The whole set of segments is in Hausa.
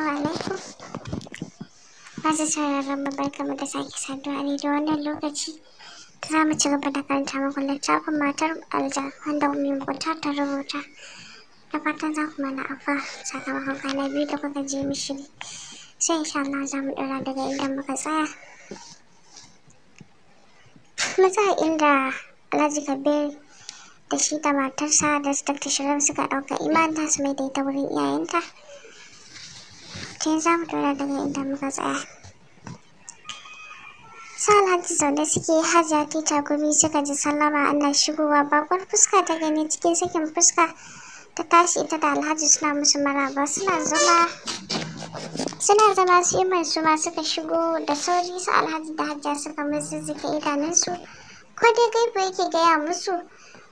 Assalamu alaikum. Masu sauraron mu da sake saduwa ne da wannan lokaci. Za mu ci gaba da karanta muku littafin matar alja wanda Ummi Mukhtar ta rubuta. Da fatan za ku mana afa sakamakon kwana biyu da kuka je mishi ne. Sai insha Allah za mu ɗora daga inda muka tsaya. Mun tsaya inda Alhaji Kabir da shi da matarsa da Dr. Shirin suka ɗauka imanta su mai da wurin iyayenta. tun za mu dora daga inda muka tsaya su alhaji zaune suke hajiya tita gumi suka ji sallama allah shigowa bakwar fuska ta gani cikin sakin fuska ta tashi ita da alhaji suna musu maraba suna zama suna zama su yi su suka shigo da sauri su alhaji da hajja suka musu zuke idanunsu ko dai ba yake gaya musu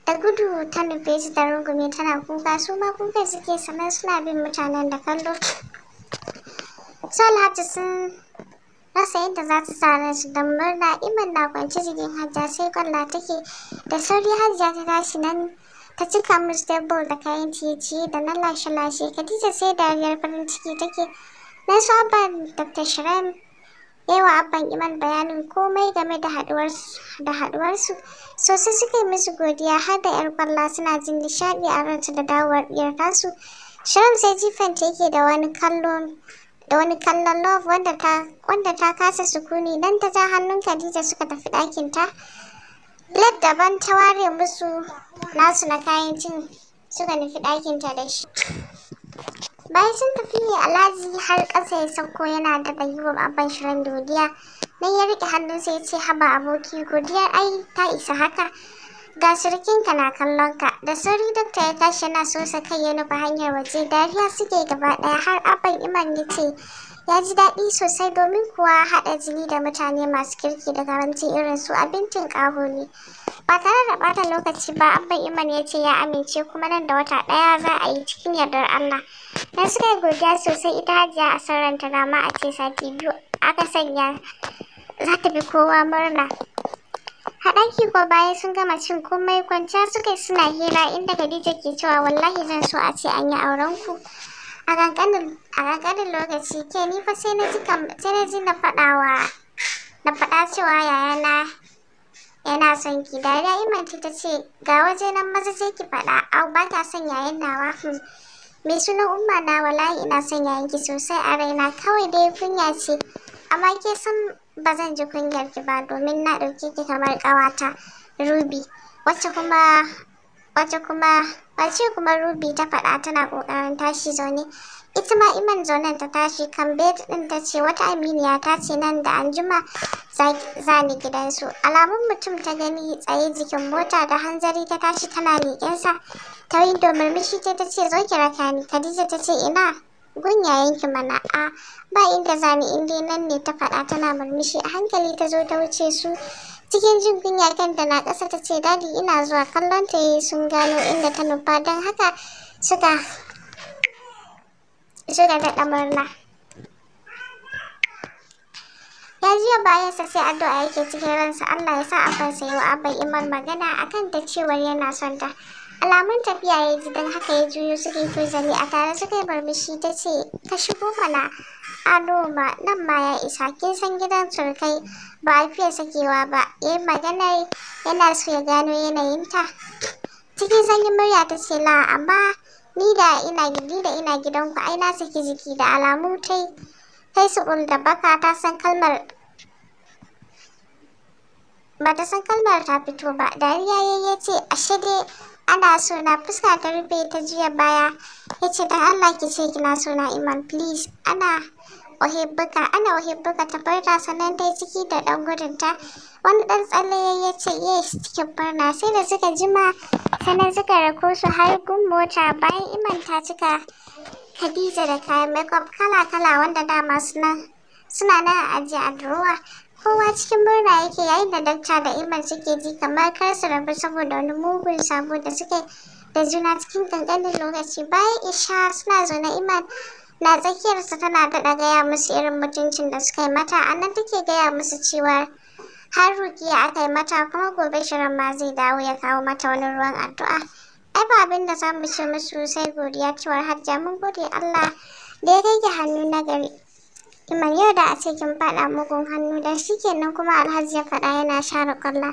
da gudu ta nufe su da rungume tana kuka su ma kuka suke sannan suna bin mutanen da kallo Sol Hajji sun rasa yadda za su sare shi don murna iman na kwance jikin hajja sai kwalla take da sauri hajja ta tashi nan ta cika musu tebur da kayan ciye-ciye da na lashe-lashe khadija sai dariyar farin ciki take na su abban dr shirin yawa abban iman bayanin komai game da haduwarsu sosai suka yi musu godiya har da yar kwalla suna jin nishaɗi a ranta da dawowar ɗiyar tasu shirin sai ta yake da wani kallon da wani kallon love wanda ta wanda ta kasa sukuni dan ta ja hannun Khadija suka tafi ɗakin ta daban ta ware musu nasu na kayan cin suka nufi ɗakin ta da shi bayan sun tafi ne alhaji har ƙasa ya sauko yana da yiwa babban shirin godiya nan ya riƙe hannunsa ya ce haba aboki godiya ai ta isa haka ga ka na kallon ka da sauri dokta ya tashi yana so sa kai ya nufa hanyar waje dariya suke gaba ɗaya har abban iman ya ce ya ji daɗi sosai domin kuwa haɗa jini da mutane masu kirki da karanci irin su abincin ƙaho ne ba tare da ɓata lokaci ba abban iman ya ce ya amince kuma nan da wata ɗaya za a yi cikin yardar allah na suka yi godiya sosai ita hajiya a ta dama a ce sati biyu aka sanya za ta bi kowa murna Haɗaki ko baya sun gama cin komai kwanciya suka suna hira inda Khadija ke cewa wallahi zan so a ce an yi auren ku. A ƙanƙanin lokaci ke ni fa sai na ji na faɗawa na faɗa cewa yayana yana son ki dariya imanci ta ce ga waje nan maza sai ki faɗa au ba ta son yayin nawa hmm. me sunan umma na wallahi ina son yayin ki sosai a raina kawai dai kunya ce amma ke san ba zan ji kunyar ki ba domin na ɗauke ki kamar ƙawata Ruby wacce kuma wacce kuma wacce kuma Ruby ta faɗa tana ƙoƙarin tashi zaune ita ma Iman zaunen ta tashi kan bed ɗin ta ce wata aminiya ta ce nan da anjima zani gidansu alamun mutum ta gani tsaye jikin mota da hanzari ta tashi tana leƙensa ta windo murmushi ta ce zo ki raka ni Khadija ta ce ina gun yanke mana a ba inda zani in nan ne ta faɗa tana murmushi a hankali ta zo ta wuce su cikin jin kunya kanta na ƙasa ta ce dadi ina zuwa kallon ta yi sun gano inda ta nufa don haka suka suka daɗa murna ya jiya bayansa sai addu'a yake cikin ransa Allah ya sa a fansa yau abai iman magana akan ta cewar yana son ta alamun tafiya ya ji don haka ya juyo suka yi tozali a tare suka bar mishi ta ce ka shigo mana ado ma nan ma ya isa kin san gidan surukai ba a fiye sakewa ba ya yi maganar yana so ya gano yanayinta cikin sanyin murya ta ce la amma ni da ina gidi da ina gidanku ai na saki jiki da alamu tai kai su da baka ta san kalmar ba ta san kalmar ta fito ba dariya ya ce ashe dai ana suna fuska ta rufe ta jiya baya ya ce da Allah ki ce kina suna Iman please ana wahibbuka ana ta barna sannan dai ciki da ɗan ta. wani ɗan tsalle ya ce yes cikin barna sai da suka jima sannan suka rako su har gun mota bayan Iman ta cika Khadija da kayan makeup kala-kala wanda dama suna suna nan a ajiye a durowa kowa cikin murna yake yayin da dakta da iman suke ji kamar kar su rabu saboda wani mugun sabo da suke da juna cikin ƙanƙanin lokaci bayan isha suna zaune iman na tsakiyarsa tana daɗa gaya musu irin mutuncin da suka yi mata a nan take gaya musu cewa har rukiya aka yi mata kuma gobe shirin ma zai dawo ya kawo mata wani ruwan addu'a ai ba abin da za mu ce musu sai godiya cewar hajja mun gode allah da ya rage hannu na gari kamar yau da a ce kin faɗa mugun hannu da shi kenan kuma Alhaji ya faɗa yana share kwalla.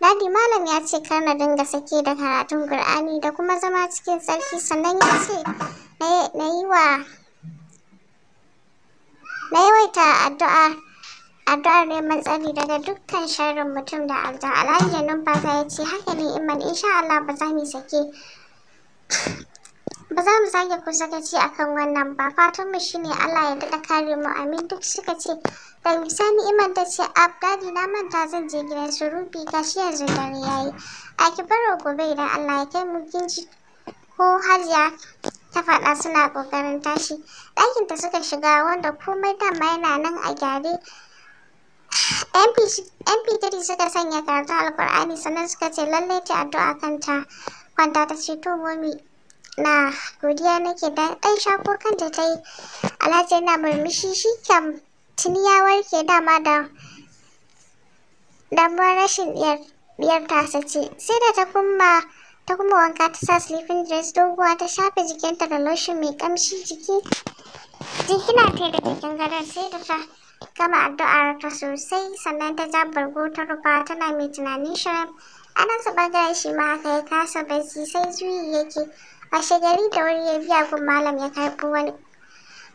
Dadi Malam ya ce kar na dinga sake da karatun gur'ani da kuma zama cikin tsarki sannan ya ce na yi wa na yawaita addu'a addu'ar neman tsari daga dukkan sharrin mutum da aljan. Alhaji da numfasa ya ce haka ne Iman insha Allah ba za mu sake ba za mu sake kusa ci akan wannan ba fatanmu shine Allah ya daɗa kare mu amin duk suka ce da misali iman ta ce A dadi na manta zan je gidan su rubi shi yanzu dare yi. a ki baro gobe idan Allah ya kai mu kinji ko hajiya ta faɗa suna ƙoƙarin tashi ta suka shiga wanda komai dama yana nan a gyare mp3 suka sanya karatun alkur'ani sannan suka ce lallai ta addu'a kanta kwanta ta ce to momi na godiya nake dan ɗan shafo kanta ta yi alhaji yana murmushi shi kam tuni ya warke dama da damuwar rashin ɗiyar tasa ce sai da ta kuma ta kuma wanka ta sa sleeping dress doguwa ta shafe jikinta da lotion mai kamshi jiki jiki na da jikin gadon sai da ta gama addu'ar ta sosai sannan ta ja bargo ta rufa tana mai tunanin shirin a nan su shi ma haka ya kasa barci sai juyi yake washe gari da wuri ya biya kun malam ya karɓo wani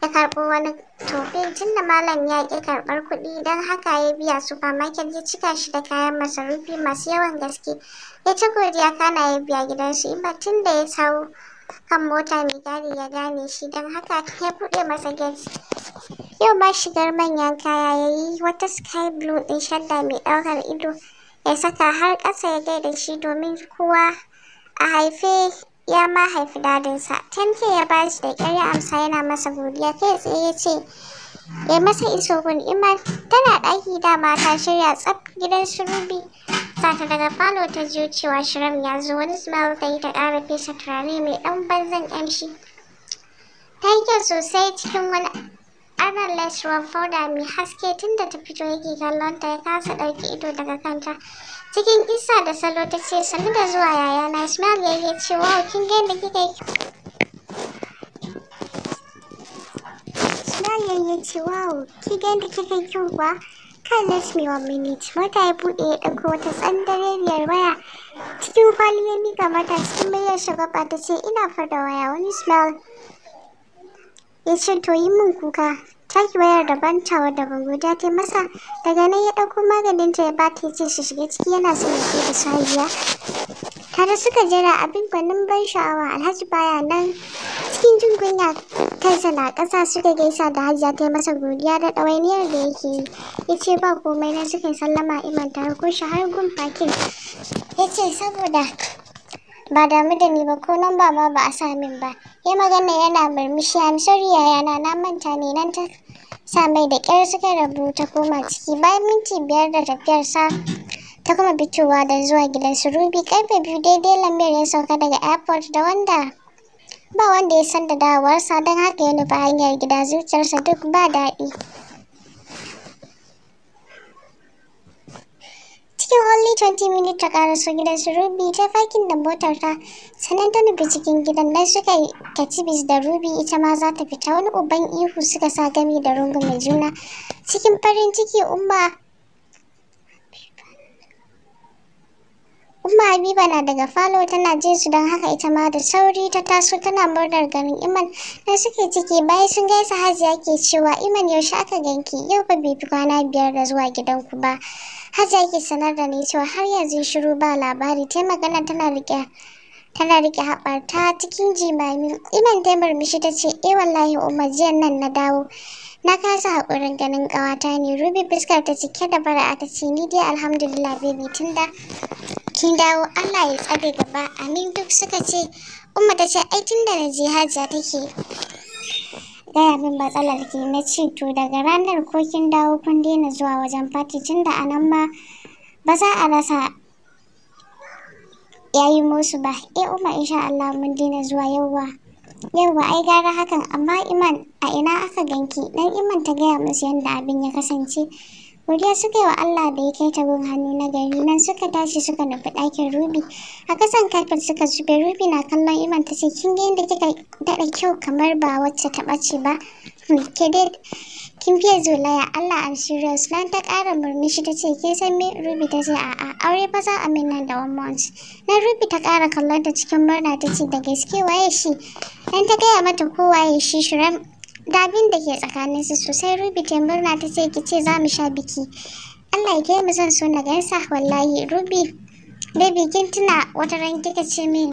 ya karɓo wani tofin eh, tunda malam ya ƙi karɓar kuɗi don haka ya biya supermarket ya cika shi da kayan masarufi masu yawan gaske ya ci godiya kana ya biya gidansu su tun da ya sau kan mota mai gari ya gane shi don haka ya buɗe masa gate yau ma shigar manyan kaya ya yi wata sky blue ɗin shadda mai ɗaukar ido ya saka har ƙasa ya gaida shi domin kowa a haife ya ma haifi dadinsa tanke ya ba shi da ƙyar ya amsa yana masa godiya kai tsaye ya ce ya masa iso gun iman tana ɗaki da mata, shirya tsaf gidan su rubi sata daga falo ta jiyo cewa shirin ya zo wani smell ta yi ta ƙara fesa turare mai ɗan banzan ƙamshi ta yi kyau sosai cikin wani aron lace ruwan fauda mai haske tunda ta fito yake kallon ta ya kasa ɗauki ido daga kanta cikin isa da salo ta ce sannu da zuwa yayana ismail ya yi ce wow kin ga yadda kika yi ya ce wow kin ga yadda kika yi kyau kuwa kan let me one minute mota ya buɗe ya ɗauko wata tsandareriyar waya cikin kwali ya mika mata cikin muryar shagaba ta ce ina fada waya wani ismail ya ce to yi min kuka taki wayar daban tawa daban da ta masa daga nan ya ɗauko maganin ta ya ba ta ce shi shiga ciki yana son ya da sahiya tare suka jira abin gwanin ban sha'awa alhaji baya nan cikin jin kunya kansa na ƙasa suka gaisa da hajiya ta masa godiya da ɗawainiyar da yake yi ya ce ba komai na suka sallama iman ta ko shi har gun fakin ya ce saboda ba damu da ni ba ko nan ba ma ba a sa min ba ya magana yana murmushi an sorry yayana na manta ne nan ta sa mai da ƙyar suka rabu ta koma ciki bayan minti biyar da tafiyarsa ta kuma fitowa da zuwa gidan su rubi karfe biyu daidai lambar ya sauka daga airport da wanda ba wanda ya san da dawowarsa don haka ya nufi hanyar gida zuciyarsa duk ba daɗi 20 minutes ta su gidan su Ruby ta fakin da motar ta sannan ta nufi cikin gidan dan suka yi katibis da Ruby ita ma za ta fita wani uban ihu suka sa gami da rungume juna cikin farin ciki umma Umma Habiba na daga falo tana jin su don haka ita ma da sauri ta taso tana murnar ganin Iman da suke ciki bayan sun gaisa Hajiya ke cewa Iman yaushe aka ganki yau ba bai fi kwana biyar da zuwa gidanku ba. Hajiya yake sanar da ni cewa har yanzu shiru ba labari ta magana tana rike tana habar ta cikin jimami. Iman ta murmushi ta ce, "Eh wallahi Umar jiyan nan na dawo. Na kasa haƙurin ganin ƙawata ne." Rubi fuskar ta cike da bara ta ce, "Ni dai alhamdulillah baby tunda kin dawo Allah ya tsare gaba." Amin duk suka ce, Umma ta ce, "Ai tunda na je Hajiya take gaya min matsalar ki na ce to daga ranar ko kin dawo kun daina zuwa wajen fati tunda a nan ma ba za a rasa yayi musu ba eh umma insha Allah mun daina zuwa yawwa yawwa ai gara hakan amma iman a ina aka ganki dan iman ta gaya musu yadda abin ya kasance Godiya suka yi wa Allah da ya kai ta gun hannu na gari nan suka tashi suka nufi ɗakin Ruby. A ƙasan kafin suka zube Ruby na kallon Iman ta ce kin ga yadda kika daɗa kyau kamar ba wacce ta ɓace ba. Hmm, ke dai kin fiye zolaya Allah am serious nan ta ƙara murmushi ta ce kin san me Ruby ta ce a'a aure fa za a min nan da one month. Nan Ruby ta ƙara kallon ta cikin murna ta ce da gaske waye shi. Nan ta gaya mata ko waye shi Shiram dabin da ke tsakaninsu sosai rubi ta murna ta ce ki ce za mu sha biki allah ya kai mu zan so na gansa, wallahi rubi da bikin tuna wata ran kika ce min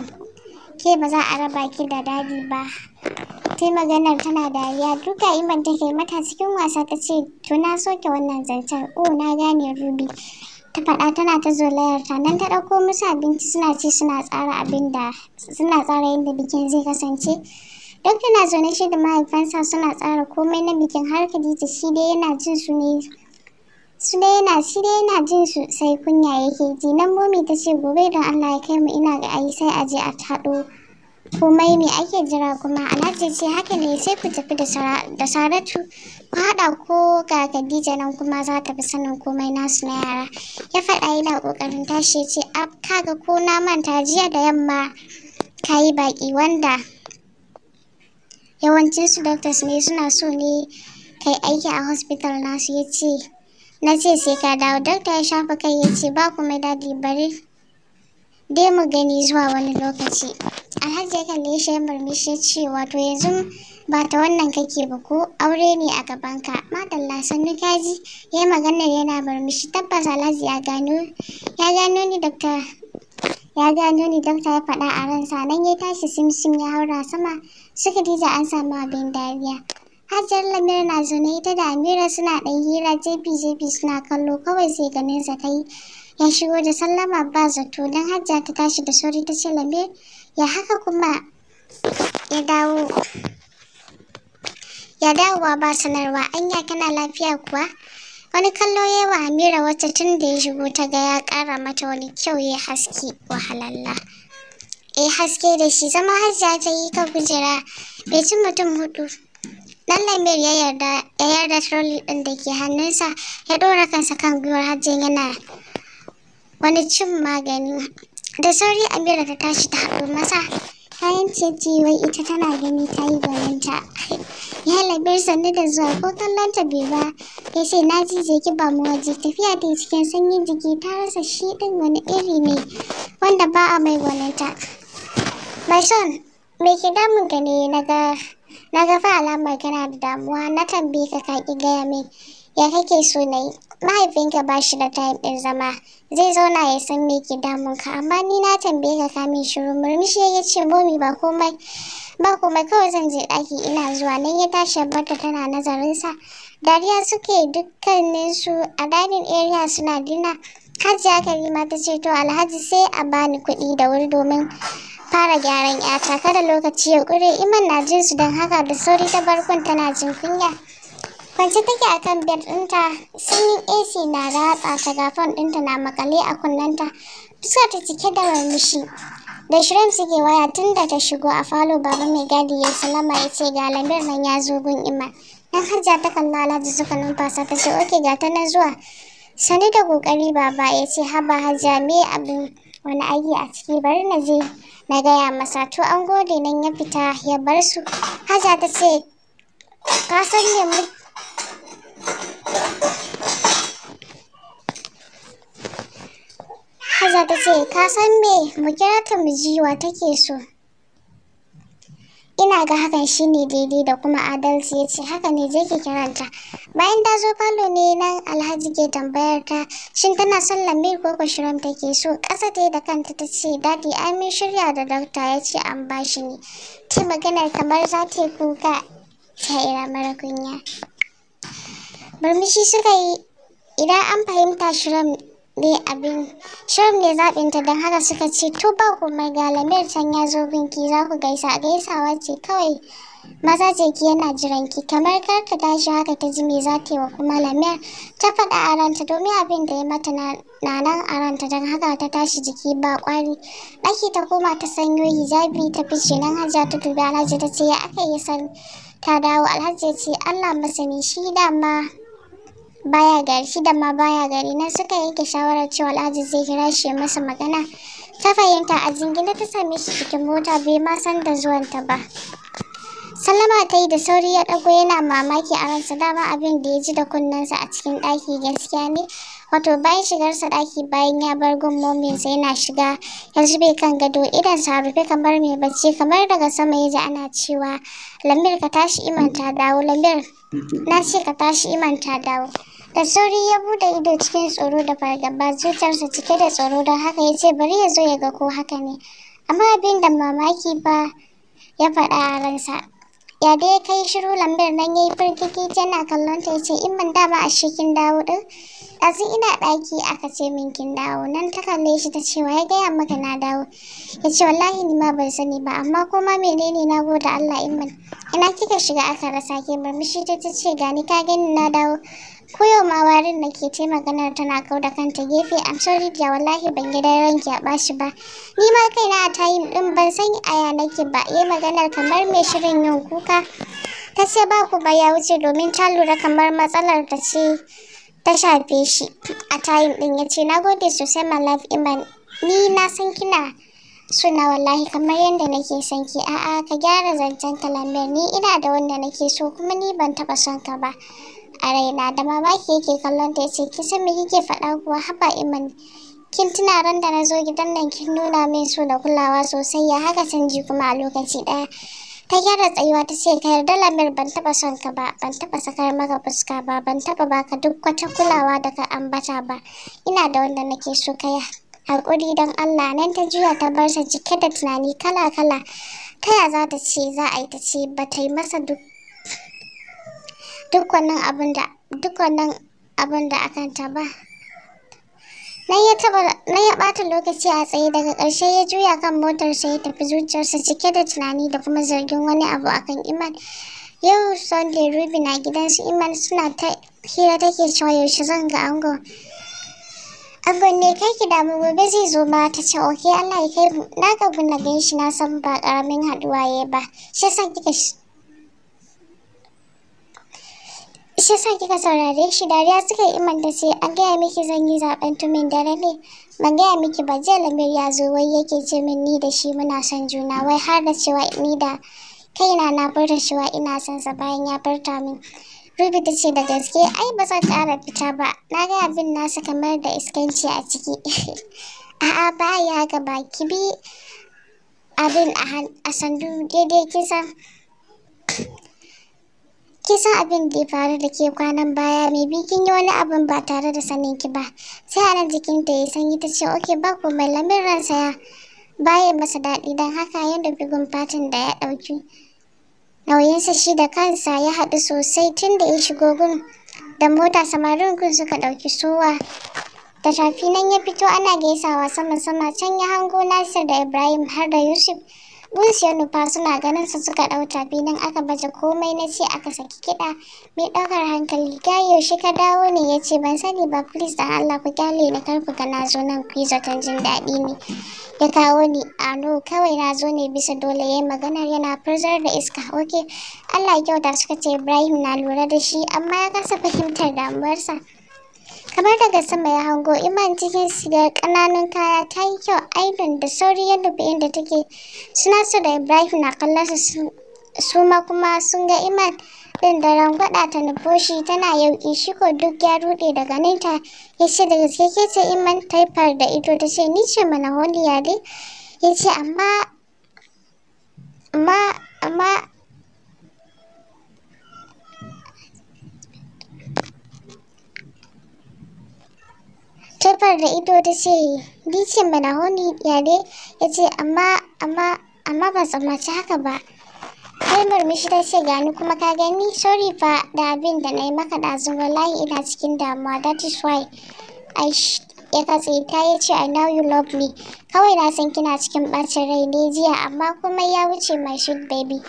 ke ba za a raba ki da dadi ba ta maganar tana dariya duka iman ke mata cikin wasa ta ce to na soke wannan zancen oh na gane rubi ta faɗa tana ta zolayar ta nan ta ɗauko musu abinci suna ce suna tsara abin da suna tsara yadda bikin zai kasance Duk tana zaune shi da mahaifansa suna tsara komai na bikin har Khadija shi dai yana jin su ne. Su dai yana shi dai yana jin su sai kunya yake ji. Nan momi ta ce gobe idan Allah ya kai mu ina ga ai sai a je a taɗo komai me ake jira kuma Alhaji ce haka ne sai ku tafi da Saratu ku haɗa ko ga Khadija nan kuma za ta fi sanin komai nasu na yara. Ya faɗa yana ƙoƙarin tashi ya ce ab kaga ko na manta jiya da yamma ka yi baƙi wanda yawancin su doctors ne suna so ne kai aiki a hospital nasu ya ce na ce sai ka dawo doctor ya shafa kai ya ce ba kuma daɗi bari dai mu gani zuwa wani lokaci alhaji ya kalle shi ya murmushi ya ce wato yanzu ba ta wannan kake ba ko aure ne a gabanka madalla sannu kaji ya yi maganar yana murmushi tabbas alhaji ya gano ya gano ni doctor ya gano ni doctor ya faɗa a ransa nan ya tashi simsim ya haura sama su Khadija an samu abin dariya. Hajiyar Lamira na zaune ita da Amira suna ɗan hira jefi-jefi suna kallo kawai sai ganin sa ya shigo da sallama ba zato don Hajja ta tashi da sauri ta ce Lamir ya haka kuma ya dawo ya dawowa ba sanarwa anya kana lafiya kuwa wani kallo ya wa Amira wacce tun da ya shigo ta ga ya ƙara mata wani kyau ya haske wahalalla. ya eh, haske da shi zama hajiya ta yi ka kujera mai cin mutum hudu dan lamir ya yarda ya yarda troli din da ke hannunsa ya ɗora kansa kan gwiwar hajjin yana wani cin magani da sauri amira ta tashi ta haɗu masa kayan ciye wai ita tana gani ta yi gwaninta ya labir sannu da zuwa ko kallonta bai ba ya ce na ji jiki ba mu waje tafiya ta cikin sanyin jiki ta rasa shi din wani iri ne wanda ba a mai gwaninta Mai son, me ke damun ka ne na ga fa alamar kana da damuwa na tambaye ka ka ki gaya min ya kake so na mahaifinka ba shi da time ɗin zama zai zauna ya san me ke damun ka amma ni na tambaye ka ka min shiru murmushi ya ce momi ba komai ba komai kawai zan je ɗaki ina zuwa nan ya tashi barta tana nazarinsa dariya suke dukkaninsu a dining area suna dina Hajiya Karima ta ce to Alhaji sai a bani kuɗi da wuri domin fara gyaran yata kada lokaci ya ƙure Iman na jin su don haka da sauri ta barkon tana jin kunya. Kwance take a kan bed ɗinta sanyin AC na ratsa ta gafon ɗinta na makale a kunnenta fuskar ta cike da murmushi. Da shirin suke waya tun da ta shigo a falo baba mai gadi ya salama ya ce ga lambar nan ya zo gun Iman. Dan harja ta kalla Alhaji suka numfasa ta ce oke ga ta nan zuwa. Sani da ƙoƙari baba ya ce haba hajja me abin wani aiki a ciki bari na je na gaya masa to an gode nan ya fita ya bar su. Hajja ta ce ka san mu Hajja ta ce ka san me mu kira ta mu ji wa take so. ina ga hakan shine daidai da kuma adalci ya ce haka ne je ki kiranta bayan ta zo falo ne nan alhaji ke tambayar ta shin tana son lambir ko ko shirin take so ƙasa ta da kanta ta ce dadi mun shirya da dakta ya ce an ba shi ne ta maganar kamar za ta yi kuka ta ira mara kunya murmushi suka yi idan an fahimta shirin ne abin shirin ne zaɓinta don haka suka ce to ba ku mai lamir can ya zo binki za ku gaisa gaisawa ce kawai maza ce yana jiran ki kamar kar ka tashi haka ta ji me za ta yi wa kuma lamiya ta faɗa a ranta domin abin da ya mata na nan a ranta don haka ta tashi jiki ba ƙwari ɗaki ta koma ta sanyo hijabi ta fice nan hajja ta dubi alhaji ta ce ya aka yi san ta dawo alhaji ya ce allah masani shi dama baya gari shi da ma baya gari nan suka yanke shawarar cewa alhaji zai kira shi ya masa magana ta fahimta a jingina ta same shi cikin mota bai ma san da zuwanta ba Salama ta yi da sauri ya ɗago yana mamaki a ransa dama abin da ya ji da kunnensa a cikin ɗaki gaskiya ne wato bayan sa ɗaki bayan ya bar sai yana shiga ya zube kan gado Idan sa rufe kamar mai bacci kamar daga sama ya ji ana cewa lambir ka tashi imanta, dawo lambir na ce ka tashi imanta, dawo da sauri ya bude ido cikin tsoro da fargaba zuciyarsa cike da tsoro don haka ya ce bari ya zo ya ga ko haka ne amma abin da mamaki ba ya faɗa a ransa ya dai kai shiru lambir nan ya yi firgiki, yana kallon ta ya ce in ban dama a shekin dawo ɗin ɗazu ina ɗaki aka ce min kin dawo nan ta kalle shi ta ce ya gaya maka na dawo ya ce wallahi ni ma ban sani ba amma ko ma menene na gode Allah imman ina kika shiga aka rasa ke murmushi ta ta ce gani ka gani na dawo ko yau ma warin da ke ce maganar tana kau da kanta gefe am sorry da wallahi ban gidan ranki a bashi ba ni ma kaina a tayin ɗin ban san aya nake ba yi maganar kamar mai shirin yin kuka ta ce ba ku ba ya wuce domin ta lura kamar matsalar ta ce ta shafe shi a tayin ɗin ya ce na gode sosai my love iman ni na san kina suna wallahi kamar yadda nake son ki a'a ka gyara zancen talambiyar ni ina da wanda nake so kuma ni ban taɓa son ka ba a raina da mamaki yake kallon ta yace kin san me kike faɗa kuwa haba iman kin tuna ran da na zo gidan nan kin nuna min so da kulawa sosai ya haka canji kuma a lokaci ɗaya ta gyara tsayuwa ta ce ka yarda lamir ban taba son ka ba ban taba sakar maka fuska ba ban taba baka duk wata kulawa da ka ambata ba ina da wanda nake so ka yi hakuri don Allah nan ta juya ta bar sa cike da tunani kala kala ta ya za ta ce za a yi ta ce ba ta yi masa duk wannan abin da duk wannan abin ba Nan ya ɓata bata lokaci a tsaye daga ƙarshe ya juya kan motarsa ya tafi zuciyarsa cike da tunani da kuma zargin wani abu akan Iman. Yau Sunday Ruby na gidansu Iman suna ta hira take cewa yaushe zan ga ango. Angon ne kai ki damu gobe zai zo ma ta ce ok Allah ya kai na gabu na gan shi na san ba ƙaramin haɗuwa ya ba. Shi san kika shi sa kika saurare shi dariya suka yi iman da sai an gaya miki zan yi zaben tumin dare ne ban gaya miki ba jiya lamir ya zo wai yake ce min ni da shi muna son juna wai har da cewa ni da kaina na furta cewa ina son sa bayan ya furta min Ruby ta ce da gaske ai ba zan ƙara fita ba na ga abin nasa kamar da iskanci a ciki a'a baya ga baki bi abin a sandu daidai kisa Ki san abin da ya faru da ke kwanan baya mai bi kin yi wani abin ba tare da sanin ki ba. Sai a nan ta ya sanyi ta ce oke ba mai lamin ransa ya baya masa daɗi don haka ya bugun gumfatin da ya ɗauki. Nauyinsa shi da kansa ya haɗu sosai tun da ya shigo gun da mota samarin gun suka ɗauki suwa. Da tafi nan ya fito ana gaisawa sama-sama can ya hango Nasir da Ibrahim har da Yusuf. Busiyar nufa suna ganin su suka ɗau tafi nan aka baje komai na ce aka saki kiɗa mai ɗaukar hankali. Ga yaushe ka dawo ne ya ce ban sani ba please dan Allah ku kyale ni kar ku ga na zo nan ku yi zaton jin daɗi ne. Ya kawo ni a kawai na zo ne bisa dole ya yi maganar yana furzar da iska. Ok Allah ya kyauta suka ce Ibrahim na lura da shi amma ya kasa fahimtar damuwarsa. kamar daga sama ya hango iman cikin shigar kananan kaya ta yi kyau aidon da sauri ya dubi da take suna so da ibrahim na kallon su su ma kuma sun ga iman din da rangwada ta nufo tana yauƙi shi ko duk ya ruɗe daga nesa ya ce da gaske ke ce iman taifar da ido ta ce ni ce mana holiya dai ya ce amma amma amma tafar da ido ta ce dicin manahoni yare ya ce amma amma amma ban tsammaci haka ba kai murmushi ta ce gani kuma ka gani sorry fa da abin da na yi maka ɗazu wallahi ina cikin damuwa that is why I ya katse ta ya ce I know you love me kawai na san kina cikin ɓacin rai ne jiya amma kuma ya wuce my sweet baby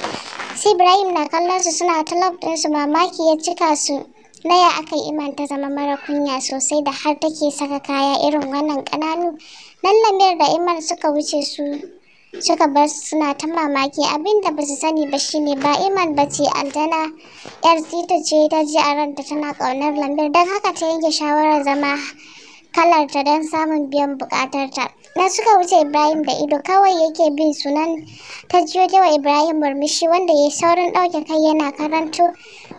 sai Ibrahim na kallon su suna ta ɗinsu mamaki ya cika su Laya aka yi iman ta zama mara kunya sosai da har take saka kaya irin wannan ƙananu. Dan Lamir da Iman suka wuce su suka bar su suna ta mamaki abinda ba su sani ba shine ba Iman ba ce aljana yar zita ce ta ji a ranta tana ƙaunar Lamir Dan haka ta yanke shawarar zama kalarta don samun biyan buƙatarta. Na suka wuce Ibrahim da ido kawai yake bin sunan ta jiyo wa Ibrahim murmushi wanda ya saurin ɗauke kai yana karanto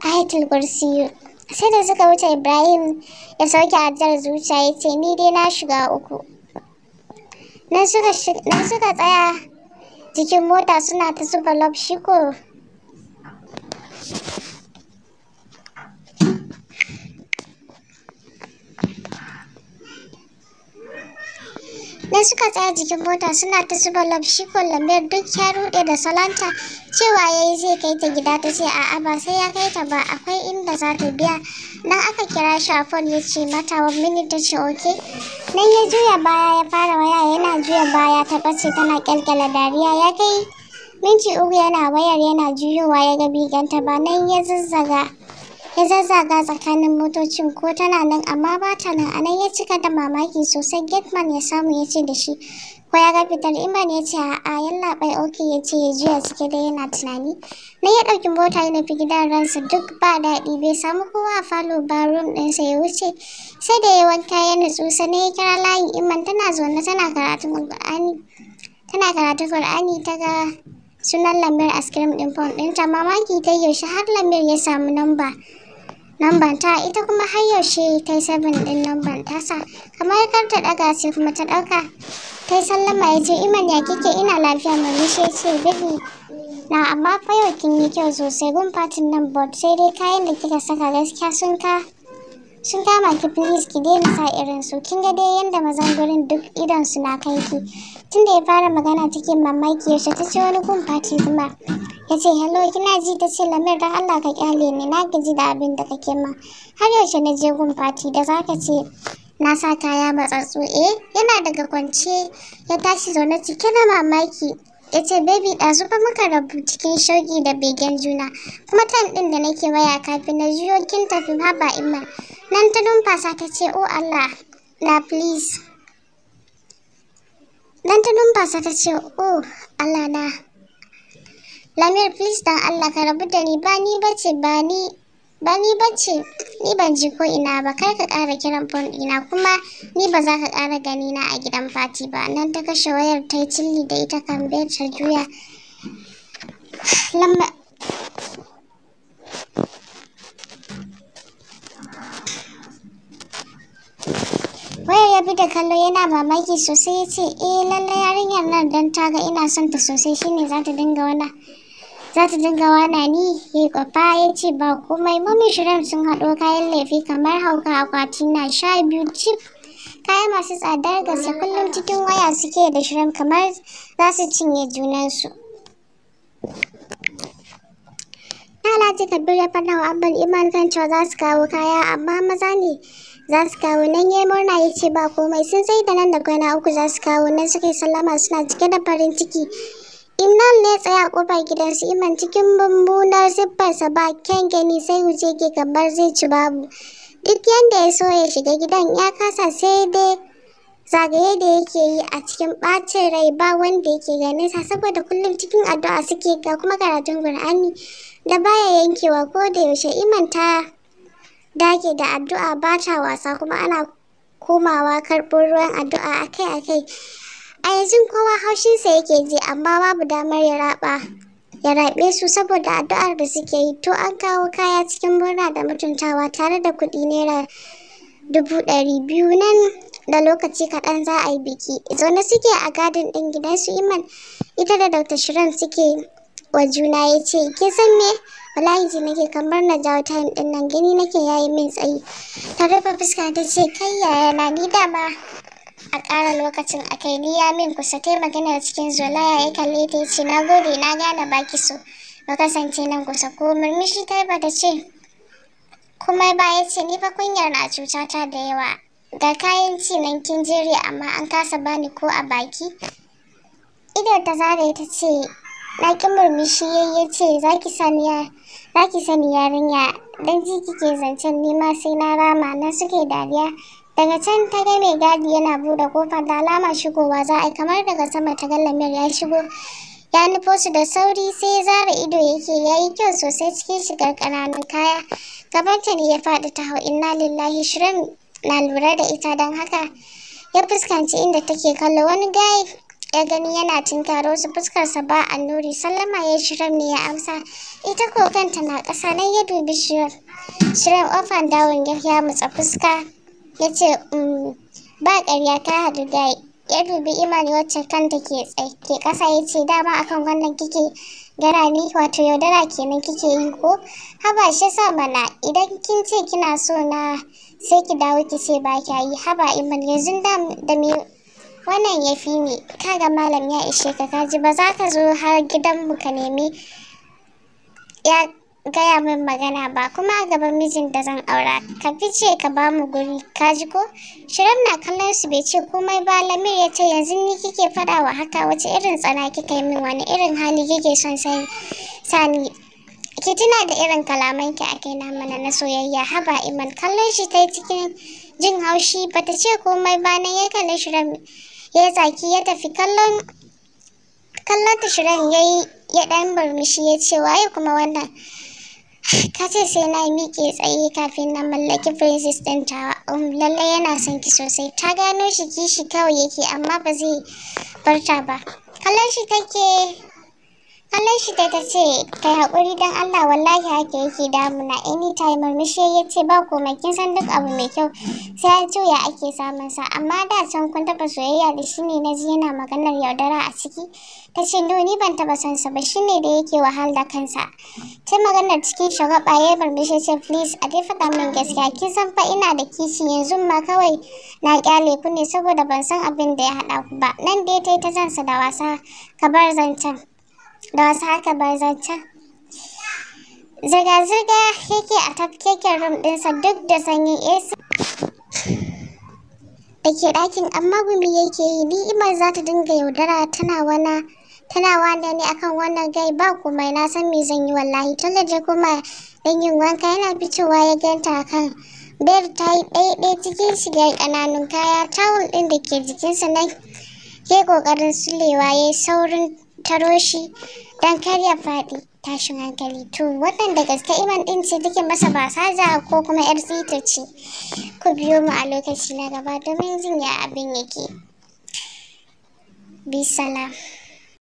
ayatul kursiyu. sai da suka wuce ibrahim ya sauke ajiyar zuciya ya ce ni dai na shiga uku nan suka tsaya jikin mota suna ta zuba lob ko. ne suka tsaya jikin mota suna ta zuba lamshi shi ko lambert duk ya rude da salanta cewa ya yi zai kai ta gida ta ce a'a ba sai ya kai ta ba akwai inda za ta biya nan aka kira shi a fon ya ce mata wani mini ta ce ok nan ya juya baya ya fara waya yana juya baya ta ɓace tana kyalkyala dariya ya kai minti uku yana wayar yana juyowa ya ga biganta ba nan ya zazzaga ya zazzaga tsakanin motocin ko tana nan amma ba ta nan a nan ya cika da mamaki sosai gateman ya samu ya ce da shi ko ya ga fitar iman ya ce a'a yan labai oke ya ce ya juya cike da yana tunani na ya ɗauki mota ya nufi gidan ransa duk ba daɗi bai samu kowa a falo ba room ɗinsa ya wuce sai da ya wanka ya nutsu sannan ya kira layin iman tana zaune tana karatun ƙur'ani tana karatun alƙur'ani ta ga sunan lamir a ɗin phone ɗinta mamaki ta yaushe har lamir ya samu namba ta ita kuma har yaushe ta yi sabin ɗin lamban tasa kamar kar ta ɗaga sai kuma ta ɗauka ta yi sallama ya ce iman ya kike ina lafiya murmushi ya ce baby na amma fa yau kin yi kyau sosai gun fatin nan bot sai dai kayan da kika saka gaskiya sun ka Sun kama ki please ki daina sa irin su. Kin ga dai yanda mazan gurin duk idon su na kai ki. Tun da ya fara magana cikin mamaki ya ta ce wani gun fati kuma. Ya ce hello kina ji ta ce lamir don Allah ka kyale ni na gaji da abin da kake ma. Har yaushe na je gun fati da ka ce na sa kaya matsatsu eh yana daga kwance ya tashi zaune cike da mamaki ya ce baby ɗazu ba muka rabu cikin shauƙi da begen juna kuma tan ɗin da nake waya kafin na juyo kin tafi haba imma nan ta numfasa ta ce oh Allah na please nan ta numfasa ta ce oh Allah na Lamir please dan Allah ka rabu da ni ba ni bace ba ni ba ni bacci ni ban ji ko ina ba kai ka kara kiran fon ina kuma ni ba za ka ƙara gani na a gidan fati ba nan ta kashe wayar ta yi cilli da ita kan ta juya lamba wayar ya bi da kallo yana mamaki sosai ya ce eh lallai yarinyar nan don ta ga ina son ta sosai shine za ta dinga wani za ta dinga wana ni ya kwafa ya ce ba komai mami shirin sun haɗo kayan laifi kamar hauka akwatin na sha biyu cif kayan masu tsadar gaske kullum cikin waya suke da shirin kamar za su cinye junansu na alhaji kabir ya faɗa wa iman kan cewa za su kawo kaya amma maza ne za su kawo nan ya murna ya ce ba komai sun sai da nan da kwana uku za su kawo nan suka yi sallama suna cike da farin ciki Innan ne tsaye a kofar gidan su Iman cikin mummunar siffarsa ba ken gani sai wuce ke kamar zai ci babu. Duk yadda ya so ya shiga gidan ya kasa sai dai zagaye da yake yi a cikin ɓacin rai ba wanda yake ganin sa saboda kullum cikin addu'a suke ga kuma karatun Qur'ani da baya yankewa ko da yaushe Iman ta dage da addu'a ba ta wasa kuma ana komawa karɓar ruwan addu'a akai-akai. A yanzu kowa haushinsa yake ji amma babu damar ya raba. Ya raɓe su saboda addu'ar da suke yi to an kawo kaya cikin murna da mutuntawa tare da kuɗi naira dubu ɗari biyu nan da lokaci kaɗan za a yi biki. Zaune suke a gadin ɗin gidan su Iman ita da Dr. Shirin suke wa juna ya ce ke san me wallahi ji nake kamar na jawo tayin ɗin nan gani nake yayi min tsayi. Ta rufe fuska ta ce kai yaya na ni dama a ƙara lokacin a kai ni ya min kusa ta maganar cikin zolaya ya kalle ta ya ce na gode na gane baki so ba kasance nan kusa ko murmushi ta ba ta ce kuma ba ya ce ni fa kunyar na cutata da yawa ga kayan ci nan kin jere amma an kasa bani ko a baki idan ta zare ta ce na ki murmushi ya ce za ki sani yarinya don ji kike zancen nima sai na rama na suke dariya Daga can ta ga mai gadi yana buɗe ƙofar da alama shigowa za a yi kamar daga sama ta ga ya shigo. Ya nufo su da sauri sai zara ido yake ya yi kyau sosai cikin shigar ƙananan kaya. Gabanta ne ya faɗi ta hau inna lillahi shirin na lura da ita don haka ya fuskanci inda take kallo wani gaye ya gani yana tinkaro su fuskarsa ba a nuri sallama ya shirin ne ya amsa ita ko kanta na ƙasa nan ya dubi shirin shirin ofan dawon ya mutsa fuska ya ce mm, ba ƙarya ta hadu da ya dubi imani wacce kanta ke ke ƙasa ya ce dama akan wannan kike gara ne wato yaudara kenan kike yi ko haba shi sa mana idan kin ce kina so na sai ki dawo ki ce ba kya yi haba iman yanzu da me wannan ya fi ni kaga malam ya ishe ka kaji ba za ka zo har gidanmu ka nemi ya gaya min magana ba kuma a gaban mijin da zan aura ka fice ka ba mu guri ka ji ko shirin na kallon su bai ce komai ba lamir ya ce yanzu ni kike fada wa haka wace irin tsana kika yi min wani irin hali kike son sani ki tuna da irin kalaman ki a kaina mana na soyayya haba iman kallon shi ta cikin jin haushi bata ce komai ba nan ya kalli shirin ya zaki ya tafi kallon kallon ta shirin ya yi ya dan murmushi ya ce waye kuma wannan ka ce sai na miƙe tsaye kafin na mallaki princess ɗin tawa um lallai yana son ki sosai ta gano shi kishi kawai yake amma ba zai barta ba kallon shi take Hannun shi ta ce, kai haƙuri don Allah wallahi haka yake damuna anytime murmushi ya ce ba komai kin san duk abu mai kyau sai an ya ake samun sa amma da can kun taɓa soyayya da shi ne na ji yana maganar yaudara a ciki. Ta ce no ni ban taɓa son sa ba shi ne da yake wahal da kansa. Ta maganar cikin shagaba ya murmushi ce please a dai faɗa min gaskiya kin san fa ina da kishi yanzu ma kawai na ƙyale ku ne saboda ban san abin da ya haɗa ku ba nan dai ta yi ta zansa da wasa ka bar zancen. da wasu haka bar zancen zirga-zirga yake a tafkekin rum ɗinsa duk da sanyin ac da ke ɗakin amma gumi yake yi ni'imar za ta dinga yaudara tana wana tana ne akan wannan gai ba komai na san me zan yi wallahi talaje kuma dan yin wanka yana fitowa ya ganta kan Bear ta yi ɗaiɗai cikin shigar ƙananun kaya tawul ɗin da ke jikinsa na ke ƙoƙarin sulewa ya yi saurin taro shi don kar ya faɗi tashin hankali to waɗanda gaske iman ɗin ce duke masa ba saza ko kuma yar zita ce ku biyo mu a lokaci na gaba domin jin ya abin yake bisalam